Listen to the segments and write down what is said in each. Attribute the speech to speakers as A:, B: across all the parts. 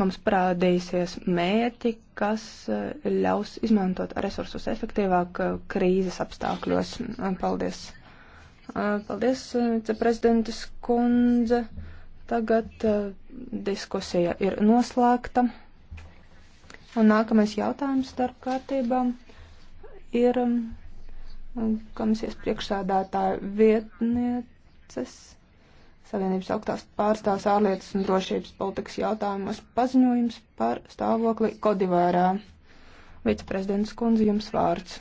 A: mums parādīsies mērķi, kas eh, ļaus izmantot resursus efektīvāk eh, krīzes apstākļos. Paldies! Eh, paldies, viceprezidentas kundze! Tagad diskusija ir noslēgta. Un nākamais jautājums starp kārtībām ir mm, komisijas priekšsādātāja vietnieces Savienības augstās pārstāvs ārlietas un drošības politikas jautājumos paziņojums par stāvokli Kodivārā. Viceprezidents kundze, jums vārds.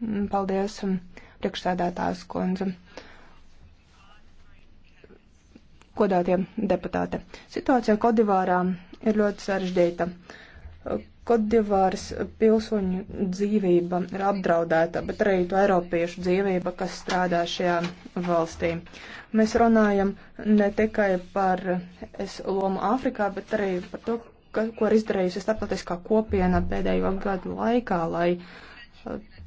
A: Mm, paldies, mm, priekšsēdētājs kundze. Kodātie deputāte. Situācija Kodivārā ir ļoti sarežģīta. Kodivāras pilsoņu dzīvība ir apdraudēta, bet arī to eiropiešu dzīvība, kas strādā šajā valstī. Mēs runājam ne tikai par es lomu Āfrikā, bet arī par to, ka, ko ir izdarījusi starptautiskā kopiena pēdējo gadu laikā, lai uh,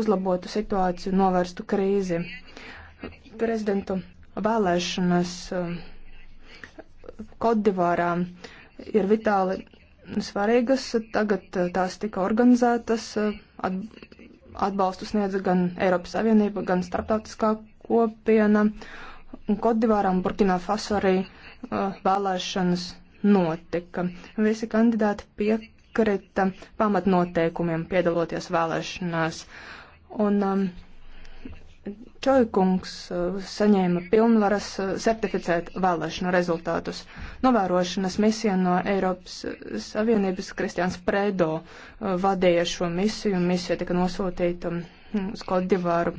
A: uzlabotu situāciju, novērstu krīzi. Prezidentu vēlēšanas uh, Kodivārā ir vitāli svarīgas. Tagad eh, tās tika organizētas, eh, atbalstu sniedza gan Eiropas Savienība, gan starptautiskā kopiena. Kodivārā un Burkina Faso arī eh, vēlēšanas notika. Visi kandidāti piekrita pamatnoteikumiem piedaloties vēlēšanās. Un, um, Čoikungs uh, saņēma pilnvaras uh, certificēt vēlēšanu rezultātus. Novērošanas misija no Eiropas Savienības Kristiāns Predo uh, vadīja šo misiju, un misija tika nosūtīta um, uz Kodivāru.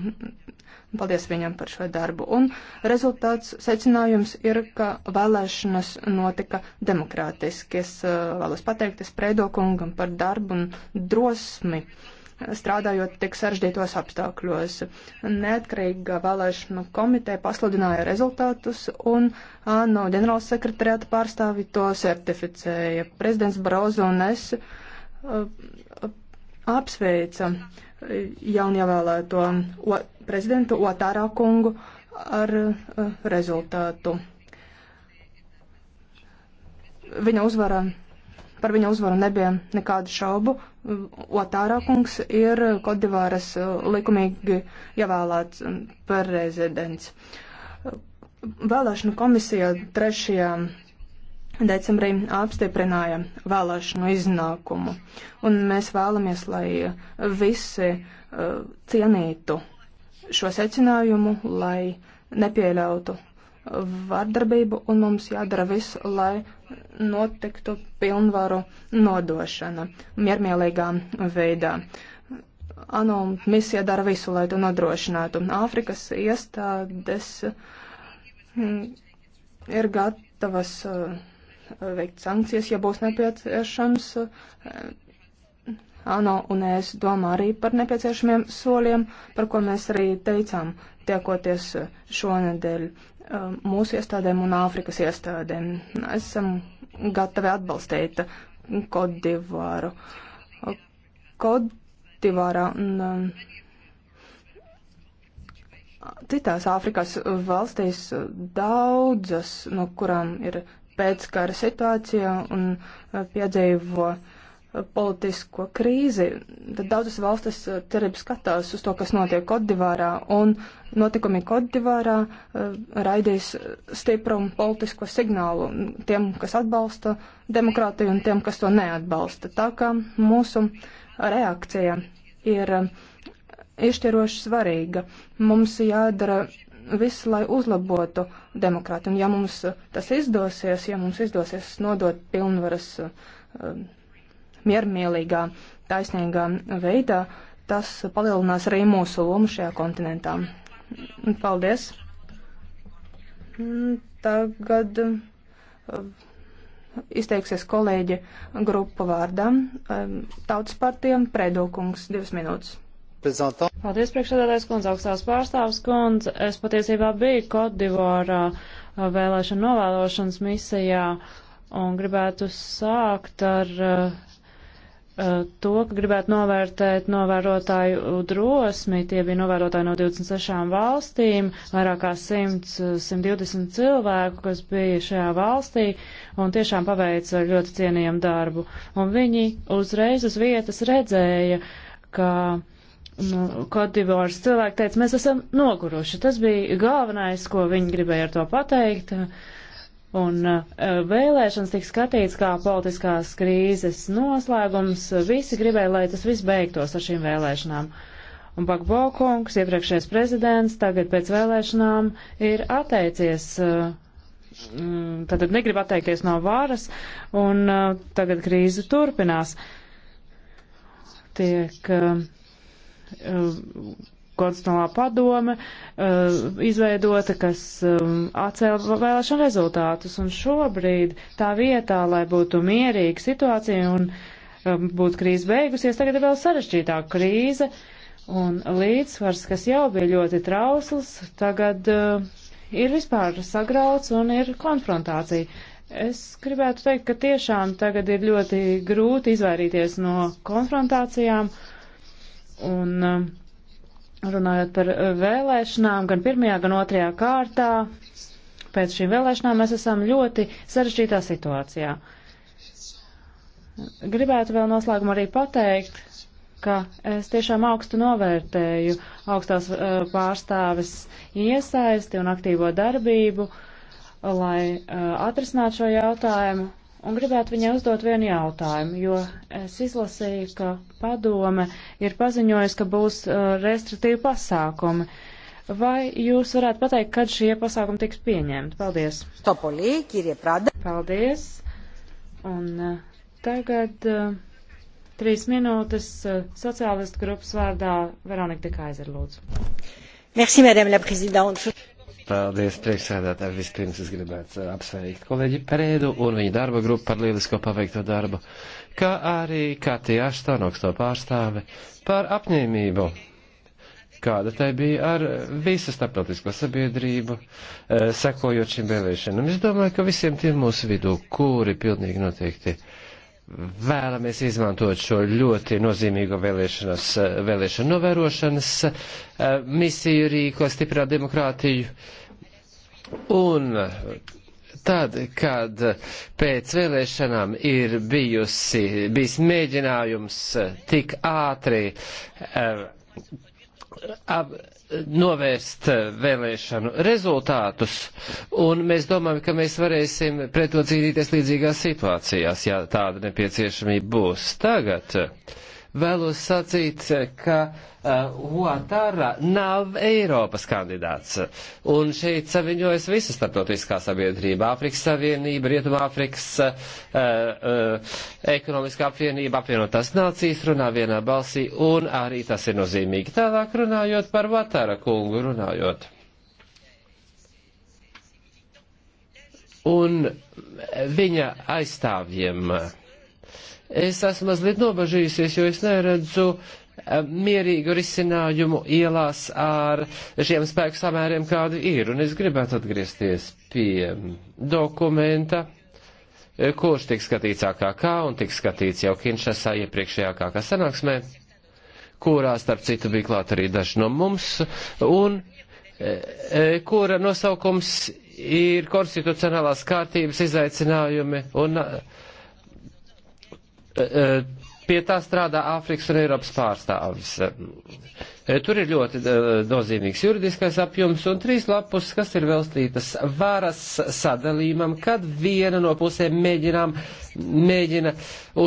A: Paldies viņam par šo darbu. Un rezultāts secinājums ir, ka vēlēšanas notika demokrātiski. Es vēlos pateikties Predo kungam par darbu un drosmi. Uh, strādājot tik sarežģītos apstākļos. Neatkarīga vēlēšanu komiteja pasludināja rezultātus un no ģenerālsekretariāta pārstāvi to certificēja. Prezidents Barozo un es apsveica jaunievēlēto prezidentu Otārā kungu ar rezultātu. Viņa uzvara Par viņa uzvaru nebija nekādu šaubu. Otāra kungs ir Kodivāras uh, likumīgi ievēlēts um, par rezidents. Vēlēšanu komisija 3. decembrī apstiprināja vēlēšanu iznākumu, un mēs vēlamies, lai visi uh, cienītu šo secinājumu, lai nepieļautu vardarbību un mums jādara viss, lai notiktu pilnvaru nodošana miermīlīgā veidā. ANO misija dara visu, lai to nodrošinātu. Āfrikas iestādes mm, ir gatavas eh, veikt sankcijas, ja būs nepieciešams. Eh, ANO un ES domā arī par nepieciešamiem soļiem, par ko mēs arī teicām, tiekoties šonedēļ um, mūsu iestādēm un Āfrikas iestādēm. Esam gatavi atbalstīt Kodivāru. Kodivārā un um, citās Āfrikas valstīs daudzas, no kurām ir pēckara situācija un uh, piedzīvo uh, politisko krīzi, tad daudzas valstis cerības eh, skatās uz to, kas notiek Kodivārā, un notikumi Kodivārā eh, raidīs stiprumu politisko signālu tiem, kas atbalsta demokrātiju un tiem, kas to neatbalsta. Tā kā mūsu reakcija ir eh, izšķiroši svarīga. Mums jādara viss, lai uzlabotu demokrātiju, un ja mums tas izdosies, ja mums izdosies nodot pilnvaras uh, miermīlīgā, taisnīgā veidā, tas palielinās arī mūsu lomu šajā kontinentā. Paldies! Mm, tagad uh, izteiksies kolēģi grupu vārdām. Um, tautas
B: partijām predokungs divas minūtes.
C: Paldies,
B: priekšsēdētājs kundze, augstās pārstāvs kundze. Es patiesībā biju Kodivorā uh, vēlēšana novēlošanas misijā un gribētu sākt ar uh, Eh, to, ka gribētu novērtēt novērotāju drosmi. Tie bija novērotāji no 26 valstīm, vairāk kā 100, 120 eh, cilvēku, kas bija šajā valstī un tiešām paveica ļoti cienījumu darbu. Un viņi uzreiz uz vietas redzēja, ka nu, Kodivors cilvēki teica, mēs esam noguruši. Tas bija galvenais, ko viņi gribēja ar to pateikt. Uh, Un eh, vēlēšanas tika skatīts kā politiskās krīzes noslēgums. Visi gribēja, lai tas viss beigtos ar šīm vēlēšanām. Un Bakbo kungs, iepriekšējais prezidents, tagad pēc vēlēšanām ir atteicies, eh, mm, tātad negrib atteikties no varas, un eh, tagad krīze turpinās. Tiek konstitucionālā padome uh, izveidota, kas um, atcēla vēlēšanu rezultātus. Un šobrīd tā vietā, lai būtu mierīga situācija un um, būtu krīze beigusies, tagad ir vēl sarežģītāka krīze. Un līdzsvars, kas jau bija ļoti trausls, tagad uh, ir vispār sagrauts un ir konfrontācija. Es gribētu teikt, ka tiešām tagad ir ļoti grūti izvairīties no konfrontācijām. Un, uh, runājot par eh, vēlēšanām, gan pirmajā, gan otrajā kārtā, pēc šīm vēlēšanām mēs esam ļoti sarežģītā situācijā. Gribētu vēl noslēgumā arī pateikt, ka es tiešām augstu novērtēju augstās uh, pārstāves iesaisti un aktīvo darbību, lai uh, atrisinātu šo jautājumu un gribētu viņai uzdot vienu jautājumu, jo es izlasīju, ka padome ir paziņojusi, ka būs uh, restriktīvi pasākumi. Vai jūs varētu pateikt, kad šie pasākumi tiks pieņemti? Paldies. Stopolī, Kirie Prada. Paldies. Un uh, tagad uh, trīs minūtes sociālistu grupas vārdā Veronika Dekaizer, lūdzu. Merci, madame la présidente.
C: Paldies, priekšsēdētāji. Vispirms es gribētu apsveikt kolēģi Perēdu un viņa darba grupu par lielisko paveikto darbu, kā arī Katija Aštona augsto pārstāve par apņēmību, kāda tai bija ar visu starptautisko sabiedrību, eh, sekojot šīm vēlēšanām. Es domāju, ka visiem tiem mūsu vidū, kuri pilnīgi noteikti. Uh, vēlamies izmantot šo ļoti nozīmīgo vēlēšanas, vēlēšanu novērošanas eh, misiju rīko stiprināt demokrātiju. Un tad, kad pēc vēlēšanām ir bijusi, bijis mēģinājums tik ātri eh, ap, novērst eh, vēlēšanu rezultātus, un mēs domājam, ka mēs varēsim pret to cīnīties līdzīgās situācijās, ja tāda nepieciešamība būs tagad. Uh, vēlos sacīt, ka uh, Huatarra nav Eiropas kandidāts. Un šeit saviņojas visa starptautiskā sabiedrība - Āfrikas Savienība, Rietumāfrikas uh, uh, ekonomiskā apvienība, apvienotās nācijas runā vienā balsī, un arī tas ir nozīmīgi. Tālāk runājot par Huatarra kungu runājot. Un viņa aizstāvjiem. Uh, es esmu mazliet nobažījusies, jo es neredzu eh, mierīgu risinājumu ielās ar šiem spēku samēriem, kādi ir. Un es gribētu atgriezties pie dokumenta, eh, kurš tiks skatīts AKK un tiks skatīts jau Kinšasā iepriekšējā AKK sanāksmē, kurā starp citu bija klāt arī daži no mums, un e, kura nosaukums ir konstitucionālās kārtības izaicinājumi un. E, Eh, eh, pie tā strādā Āfrikas un Eiropas pārstāvis. Eh, tur ir ļoti nozīmīgs juridiskais apjoms un trīs lapus, kas ir velstītas varas sadalījumam, kad viena no pusēm mēģinām, mēģina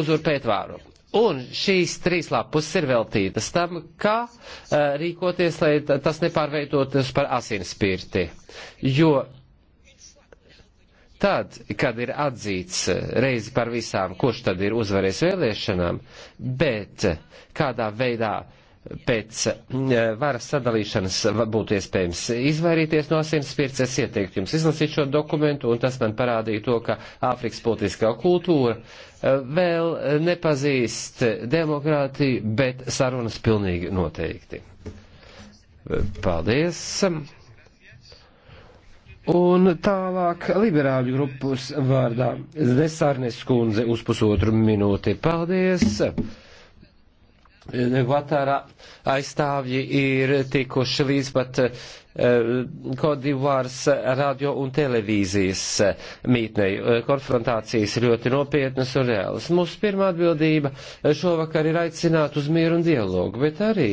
C: uzurpēt vāru. Un šīs trīs lapus ir veltītas tam, kā rīkoties, lai tas nepārveidotos par asinspirti. Jo Tad, kad ir atzīts eh, reizi par visām, kurš tad ir uzvarējis vēlēšanām, bet eh, kādā veidā pēc eh, varas sadalīšanas būtu iespējams izvairīties no asinsspirts. Es ieteiktu jums izlasīt šo dokumentu, un tas man parādīja to, ka Āfrikas politiskā kultūra vēl nepazīst demokrātiju, bet sarunas pilnīgi noteikti. Paldies! Un tālāk liberāļu grupas vārdā Desārnes kundze uz pusotru minūti. Paldies! Vatārā aizstāvji ir tikuši līdz pat uh, eh, Kodivārs radio un televīzijas eh, mītnei. Eh, konfrontācijas ir ļoti nopietnas un reālas. Mūsu pirmā atbildība šovakar ir aicināt uz mieru un dialogu, bet arī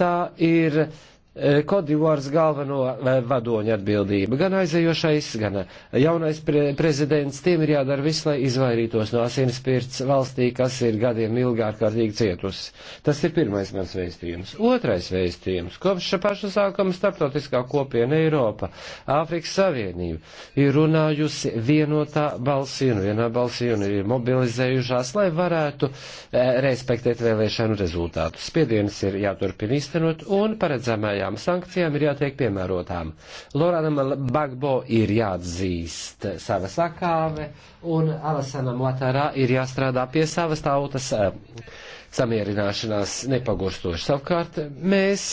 C: tā ir Kodivārs eh, galveno eh, vadoņu atbildība. Gan aizējošais, gan eh, jaunais pre prezidents, tiem ir jādara viss, lai izvairītos no asinspirts valstī, kas ir gadiem ilgi ārkārtīgi cietusi. Tas ir pirmais mans vēstījums. Otrais vēstījums. Kopš paša sākuma starptautiskā kopiena Eiropa, Āfrikas Savienība ir runājusi vienotā balsī un vienā balsī un ir mobilizējušās, lai varētu e, respektēt vēlēšanu rezultātus. Spiediens ir jāturpina īstenot un paredzamajā nacionālajām sankcijām ir jātiek piemērotām. Loranam Bagbo ir jāatzīst sava sakāve, un Alasanam Latarā ir jāstrādā pie savas tautas eh, samierināšanās nepagurstoši. Savukārt mēs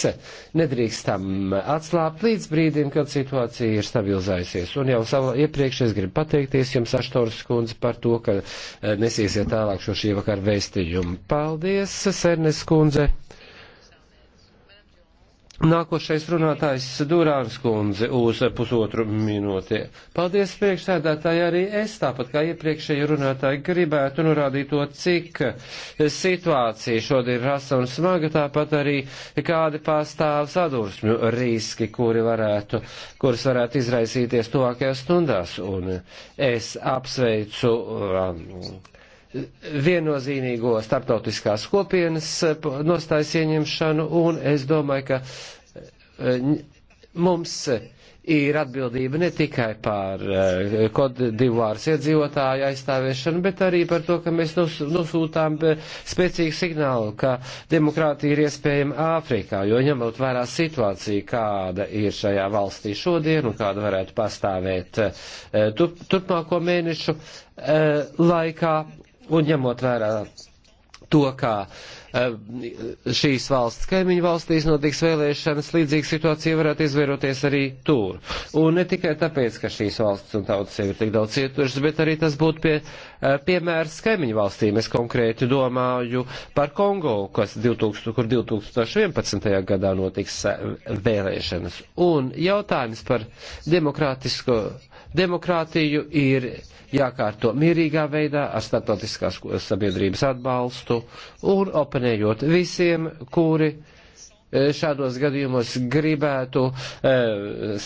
C: nedrīkstam atslāpt līdz brīdim, kad situācija ir stabilizējusies. Un jau savu iepriekš es gribu pateikties jums, Aštoras kundze, par to, ka eh, nesiesiet tālāk šo šī vakar vēstījumu. Paldies, Sernes kundze! Nākošais runātājs Durāns kundze uz pusotru minūti. Paldies priekšsēdētāji, arī es tāpat kā iepriekšēji runātāji gribētu norādīt to, cik situācija šodien ir rasa un smaga, tāpat arī kādi pastāv sadursmju riski, kuri varētu, kuras varētu izraisīties tuvākajās stundās. Un es apsveicu. Um, viennozīmīgo starptautiskās kopienas eh, nostājas ieņemšanu, un es domāju, ka eh, mums ir atbildība ne tikai par kodivāras eh, iedzīvotāju aizstāviešanu, bet arī par to, ka mēs nosūtām spēcīgu signālu, ka demokrātija ir iespējama Āfrikā, jo ņemot vērā situāciju, kāda ir šajā valstī šodien un kāda varētu pastāvēt turpmāko mēnešu laikā, Un ņemot vērā to, kā eh, šīs valsts kaimiņu valstīs notiks vēlēšanas, līdzīga situācija varētu izvēroties arī tur. Un ne tikai tāpēc, ka šīs valsts un tautas jau ir tik daudz cietušas, bet arī tas būtu pie, eh, piemērs kaimiņu valstīm. Es konkrēti domāju par Kongo, kas 2000, kur 2011. gadā notiks eh, vēlēšanas. Un jautājums par demokrātisko Demokrātiju ir jākārto mierīgā veidā ar starptautiskās sabiedrības atbalstu un oponējot visiem, kuri eh, šādos gadījumos gribētu e,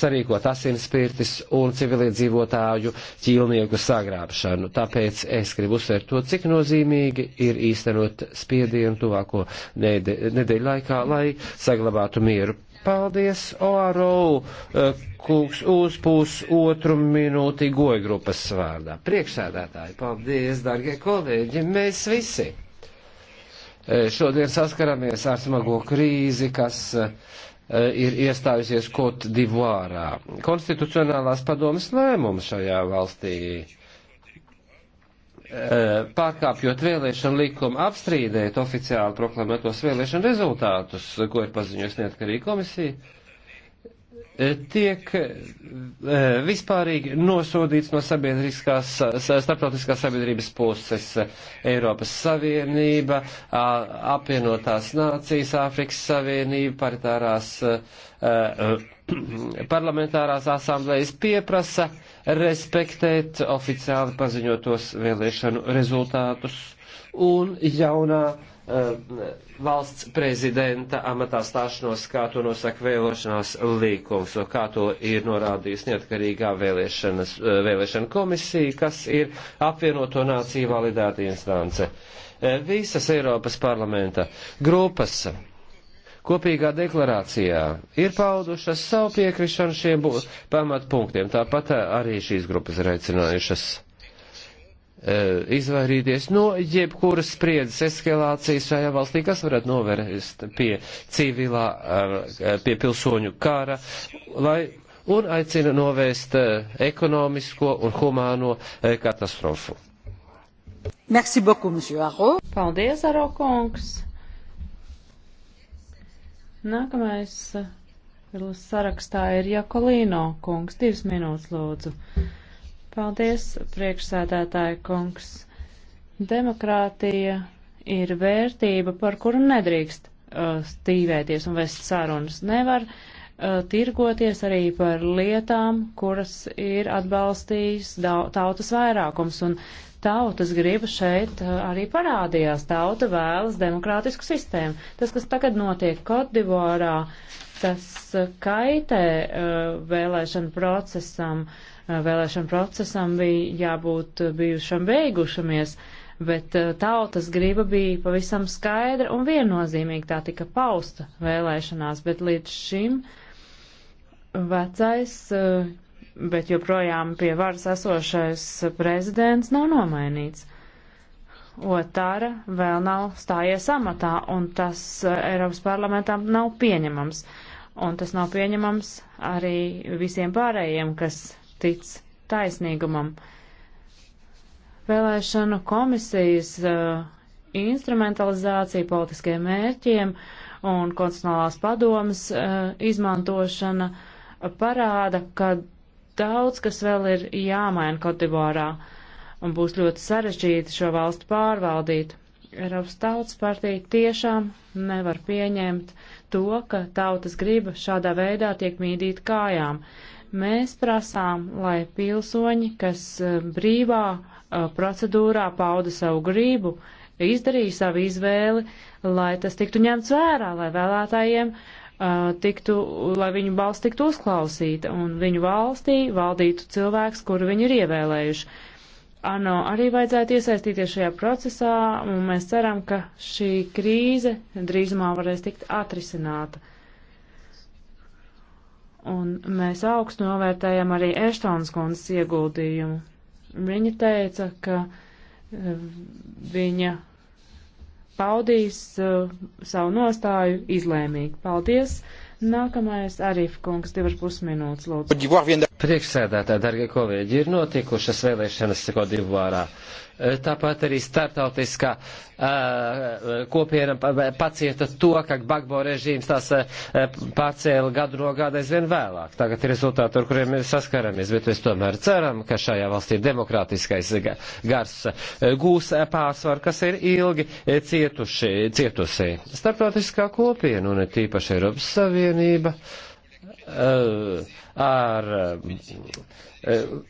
C: sarīkot asinspirtis un civiliedzīvotāju ķīlnieku sagrābšanu. Tāpēc es gribu uzsvērt to, cik nozīmīgi ir īstenot spiedienu tuvāko nedēļu laikā, lai saglabātu mieru Paldies, Oārou, eh, kungs, uz pusotru minūti goja grupas vārdā. Priekšsēdētāji, paldies, dargie kolēģi, mēs visi. Eh, šodien saskaramies ar smago krīzi, kas eh, ir iestājusies Kot divārā. Konstitucionālās padomas lēmums šajā valstī Eh, pārkāpjot vēlēšanu likumu, apstrīdēt oficiāli proklamētos vēlēšanu rezultātus, ko ir paziņojusi neatkarīga komisija, eh, tiek eh, vispārīgi nosodīts no sabiedriskās, starptautiskās sabiedrības puses Eiropas Savienība, apvienotās nācijas, Āfrikas Savienība, paritārās parlamentārās asamblējas pieprasa respektēt oficiāli paziņotos vēlēšanu rezultātus un jaunā uh, valsts prezidenta amatā stāšanos, kā to nosaka vēlošanās līkums, kā to ir norādījusi neatkarīgā vēlēšanas, uh, vēlēšana komisija, kas ir apvienoto nāciju validēta instance. Uh, visas Eiropas parlamenta grupas kopīgā deklarācijā ir paudušas savu piekrišanu šiem pamatpunktiem. Tāpat eh, arī šīs grupas ir aicinājušas eh, izvairīties no jebkuras spriedzes eskalācijas šajā valstī, kas varētu novērst pie civilā, eh, pie pilsoņu kara, lai un aicina novērst ekonomisko un humāno katastrofu.
B: Merci beaucoup, monsieur Aro. Paldies, Aro kungs. Nākamais eh, sarakstā ir Jakolīno kungs. Divas minūtes lūdzu. Paldies, priekšsēdētāja kungs. Demokrātija ir vērtība, par kuru nedrīkst uh, stīvēties un vest sarunas. Nevar uh, tirgoties arī par lietām, kuras ir atbalstījis tautas vairākums. Un tautas griba šeit eh, arī parādījās. Tauta vēlas demokrātisku sistēmu. Tas, kas tagad notiek Kotdivorā, tas eh, kaitē eh, vēlēšanu procesam. Vēlēšanu procesam bija jābūt bijušam beigušamies, bet tautas griba bija pavisam skaidra un viennozīmīga. Tā tika pausta vēlēšanās, bet līdz šim vecais bet joprojām pie varas esošais prezidents nav nomainīts. Otāra vēl nav stājies amatā, un tas eh, Eiropas parlamentam nav pieņemams. Un tas nav pieņemams arī visiem pārējiem, kas tic taisnīgumam. Vēlēšanu komisijas uh, instrumentalizācija politiskiem mērķiem un konstitucionālās padomas uh, izmantošana parāda, ka daudz, kas vēl ir jāmaina Kotivārā, un būs ļoti sarežģīti šo valstu pārvaldīt. Eiropas tautas partija tiešām nevar pieņemt to, ka tautas griba šādā veidā tiek mīdīt kājām. Mēs prasām, lai pilsoņi, kas eh, brīvā eh, procedūrā pauda savu gribu, izdarīja savu izvēli, lai tas tiktu ņemts vērā, lai vēlētājiem uh, tiktu, lai viņu balss tiktu uzklausīta un viņu valstī valdītu cilvēks, kuru viņi ir ievēlējuši. ANO arī vajadzētu iesaistīties šajā procesā, un mēs ceram, ka šī krīze drīzumā varēs tikt atrisināta. Un mēs augstu novērtējam arī Eštons kundzes ieguldījumu. Viņa teica, ka viņa paudīs uh, savu nostāju izlēmīgi. Paldies! Nākamais Arif kungs, divas pusminūtes,
C: lūdzu. Priekšsēdētāji, dargie kolēģi, ir notikušas vēlēšanas Kodivārā. Eh, tāpat arī startautiskā uh, eh, kopiena eh, pacieta to, ka Bagbo režīms tās uh, pārcēla gadu no gada aizvien vēlāk. Tagad ir rezultāti, ar kuriem mēs saskaramies, bet mēs tomēr ceram, ka šajā valstī demokrātiskais gars gūs pārsvaru, kas ir ilgi cietuši, cietusi. Startautiskā kopiena un tīpaši Eiropas Savienība uh, ar. Uh,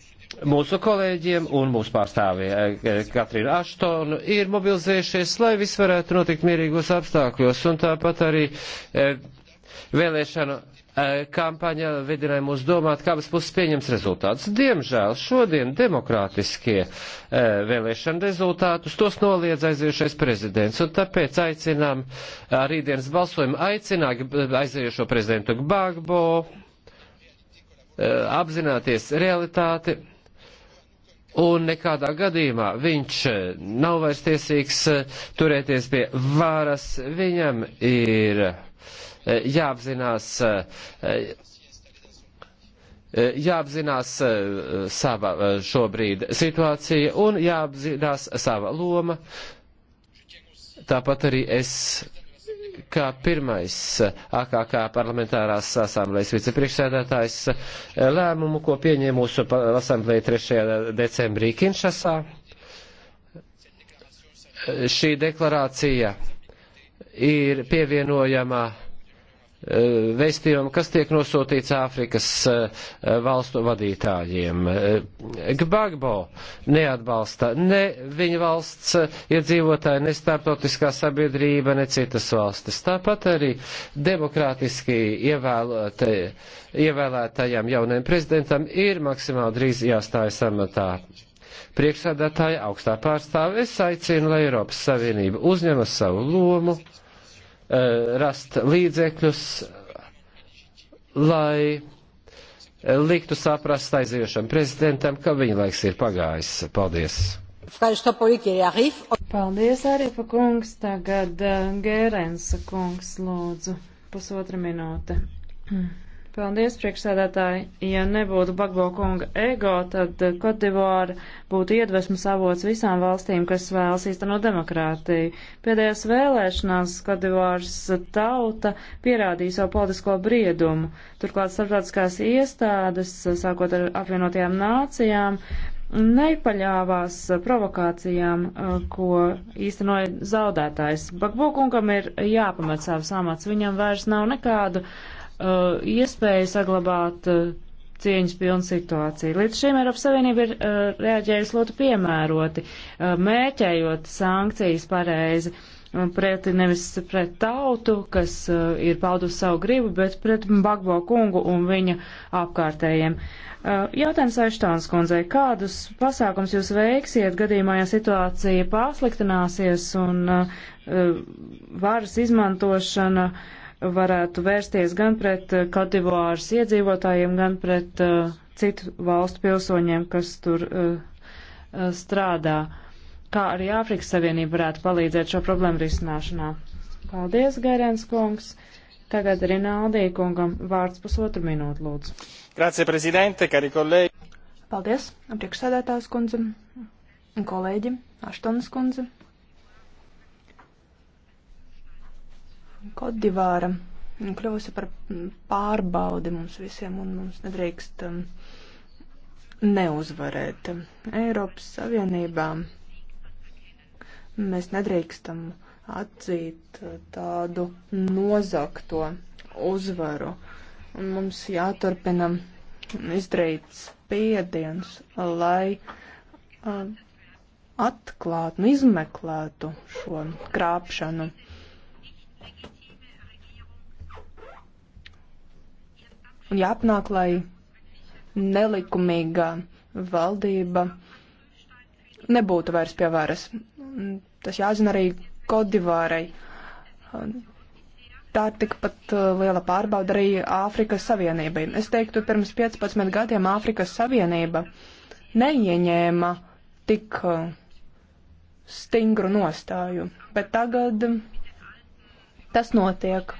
C: mūsu kolēģiem un mūsu pārstāvie eh, eh, Katrīna Aštonu ir mobilizējušies, lai viss varētu notikt mierīgos apstākļos. Un tāpat arī eh, vēlēšana kampaņa vedināja mūs domāt, kādas puses pieņems rezultātus. Diemžēl šodien demokrātiskie vēlēšana rezultātus tos noliedz aiziejušais prezidents, un tāpēc aicinām rītdienas balsojumu aicināt aiziejušo prezidentu Gbagbo apzināties realitāti un nekādā gadījumā viņš eh, nav vairs tiesīgs eh, turēties pie varas, viņam ir eh, jāapzinās, jāapzinās sava šobrīd situācija un jāapzinās sava loma. Tāpat arī es kā pirmais eh, AKK parlamentārās asamblējas vicepriekšsēdētājs eh, lēmumu, ko pieņēma mūsu asamblēja 3. decembrī Kinšasā. Eh, šī deklarācija ir pievienojama Eh, vēstījumu, kas tiek nosūtīts Āfrikas eh, valstu vadītājiem. Eh, Gbagbo neatbalsta ne viņa valsts iedzīvotāji, ne starptautiskā sabiedrība, ne citas valstis. Tāpat arī demokrātiski ievēlētai, ievēlētajam jaunajam prezidentam ir maksimāli drīz jāstājas amatā priekšsēdētāja augstā pārstāve, es aicinu, lai Eiropas Savienība uzņemas savu lomu Eh, rast līdzekļus, lai liktu saprast aiziejošam prezidentam, ka viņa laiks ir pagājis. Paldies!
B: Paldies, Arifa kungs. Tagad eh, Gērensa kungs lūdzu pusotra minūte. Mm. Paldies, priekšsēdētāji. Ja nebūtu Bagbo kunga ego, tad eh, Kotivāra būtu iedvesmas avots visām valstīm, kas vēlas īstenot demokrātiju. Pēdējās vēlēšanās Kotivāras tauta pierādīja savu politisko briedumu. Turklāt starptautiskās iestādes, sākot ar apvienotajām nācijām, nepaļāvās provokācijām, eh, ko īstenoja zaudētājs. Bagbo kungam ir jāpamat savs amats, viņam vairs nav nekādu. Uh, uh, iespēju saglabāt uh, cieņas pilnu situāciju. Līdz šim Eiropas Savienība ir uh, reaģējusi ļoti piemēroti, uh, mērķējot sankcijas pareizi um, preti nevis pret tautu, kas uh, ir paudusi savu gribu, bet pret Bagbo kungu un viņa apkārtējiem. Uh, jautājums Aštāns kundzei, kādus pasākums jūs veiksiet gadījumā, ja situācija pasliktināsies un uh, uh varas izmantošana uh, varētu vērsties gan pret eh, Kadivāras iedzīvotājiem, gan pret uh, citu valstu pilsoņiem, kas tur uh, strādā. Kā arī Āfrikas Savienība varētu palīdzēt šo problēmu risināšanā. Paldies, Gairēns kungs! Tagad arī Naldī kungam vārds pusotru minūtu lūdzu.
C: Grācie, prezidente, kari kolēģi!
B: Paldies, priekšsēdētājs kundze un
A: kolēģi, Aštonas kundze. Kodivāra kļūsi par pārbaudi mums visiem un mums nedrīkst um, neuzvarēt. Eiropas Savienībā mēs nedrīkstam atzīt uh, tādu nozakto uzvaru. Un mums jāturpina izdarīt spiediens, lai uh, atklātu, izmeklētu šo krāpšanu. un jāpanāk, lai nelikumīga valdība nebūtu vairs pie varas. Tas jāzina arī Kodivārai. Tā ir tikpat uh, liela pārbauda arī Āfrikas Savienībai. Es teiktu, pirms 15 gadiem Āfrikas Savienība neieņēma tik uh, stingru nostāju, bet tagad tas notiek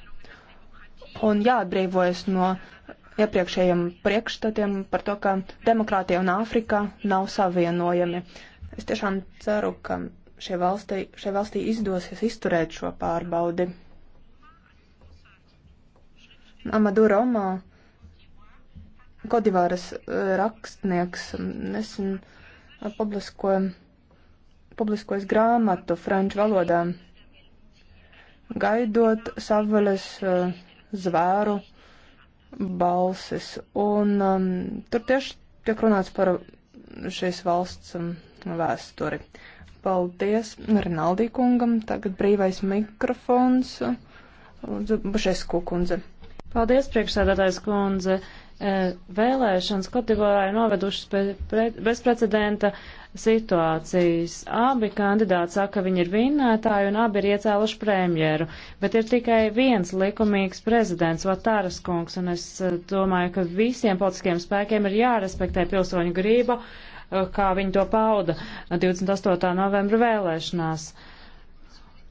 A: un jāatbrīvojas no iepriekšējiem priekšstatiem par to, ka demokrātija un Āfrika nav savienojami. Es tiešām ceru, ka šie valstī, šie valstī izdosies izturēt šo pārbaudi. Amadu Romā, Kodivāras e, rakstnieks, nesen e, publiskoja publiskojas grāmatu franču valodā, gaidot savvaļas uh, e, zvēru balsis. Un um, tur tieši tiek runāts par šīs valsts um, vēsturi. Paldies Rinaldī kungam. Tagad brīvais mikrofons.
B: Lūdzu, Bašesku kundze. Paldies, priekšsēdētājs kundze. E, vēlēšanas Kotivorā ir novedušas pie, pre, bezprecedenta uh, situācijas. Abi kandidāti saka, ka viņi ir vinnētāji un abi ir iecēluši premjeru, bet ir tikai viens likumīgs prezidents Vataras kungs, un es eh, domāju, ka visiem politiskiem spēkiem ir jārespektē pilsoņu grība, eh, kā viņi to pauda 28. novembra vēlēšanās. Uh,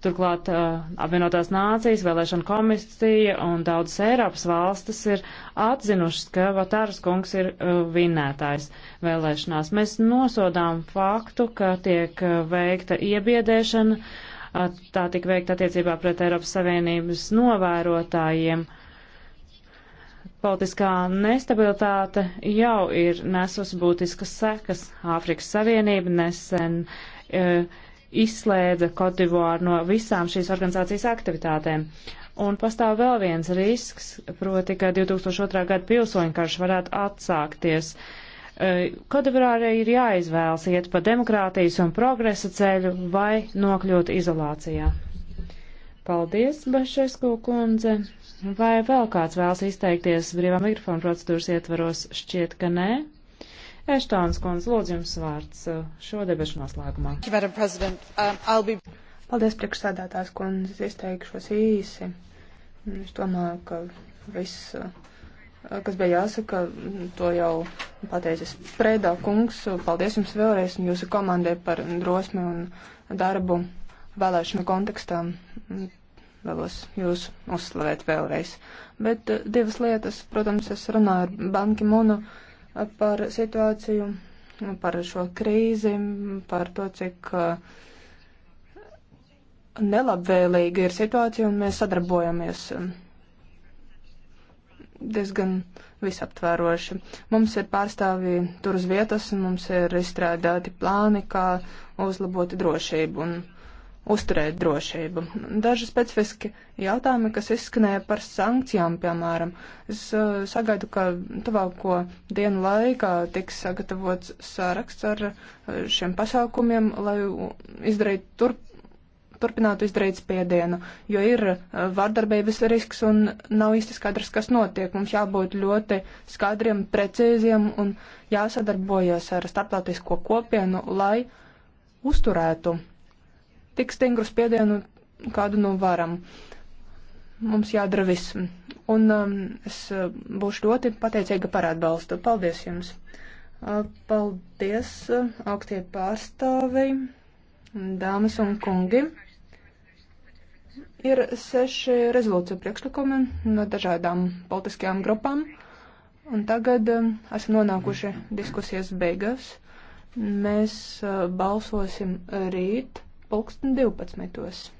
B: Turklāt uh, apvienotās nācijas, vēlēšana komisija un daudzas Eiropas valstis ir atzinušas, ka Vatāras kungs ir uh, vinnētājs vēlēšanās. Mēs nosodām faktu, ka tiek uh, veikta iebiedēšana, uh, tā tika veikta attiecībā pret Eiropas Savienības novērotājiem. Politiskā nestabilitāte jau ir nesusi būtiskas sekas. Āfrikas Savienība nesen. Uh, izslēdza Kotivāru no visām šīs organizācijas aktivitātēm. Un pastāv vēl viens risks, proti, ka 2002. gada pilsoņkarš varētu atsākties. E, Kodavārā ir jāizvēlas iet pa demokrātijas un progresa ceļu vai nokļūt izolācijā. Paldies, Bašesko kundze. Vai vēl kāds vēlas izteikties brīvā mikrofona procedūras ietvaros? Šķiet, ka nē. Eštāns kundze, lūdzu jums vārds uh, šo debašu noslēgumā. Um, Paldies, priekšsēdētājs kundze, es izteikšos
A: īsi. Mm, es domāju, ka viss, uh, kas bija jāsaka, to jau pateicis Prēdā kungs. Paldies jums vēlreiz un jūsu komandai par drosmi un darbu vēlēšanu kontekstā. Mm, vēlos jūs uzslavēt vēlreiz. Bet uh, divas lietas, protams, es runāju ar Banki Munu. Uh, par situāciju, par šo krīzi, par to, cik uh, nelabvēlīga ir situācija, un mēs sadarbojamies um, diezgan visaptvēroši. Mums ir pārstāvji tur uz vietas, un mums ir izstrādāti plāni, kā uzlabot drošību. Un uzturēt drošību. Daži specifiski jautājumi, kas izskanēja par sankcijām, piemēram, es uh, sagaidu, ka tuvāko dienu laikā tiks sagatavots saraksts ar uh, šiem pasākumiem, lai izdarītu tur, turpinātu izdarīt spiedienu, jo ir uh, vardarbības risks un nav īsti skaidrs, kas notiek. Mums jābūt ļoti skaidriem, precīziem un jāsadarbojas ar starptautisko kopienu, lai uzturētu tik stingru spiedienu, kādu nu varam. Mums jādara viss. Un um, es uh, būšu ļoti pateicīga par atbalstu. Paldies jums! Uh, paldies, uh, augstie pārstāvei, dāmas un kungi! Ir seši rezolūciju priekšlikumi no dažādām politiskajām grupām. Un tagad um, esam nonākuši diskusijas beigas. Mēs balsosim rīt pulksten 12.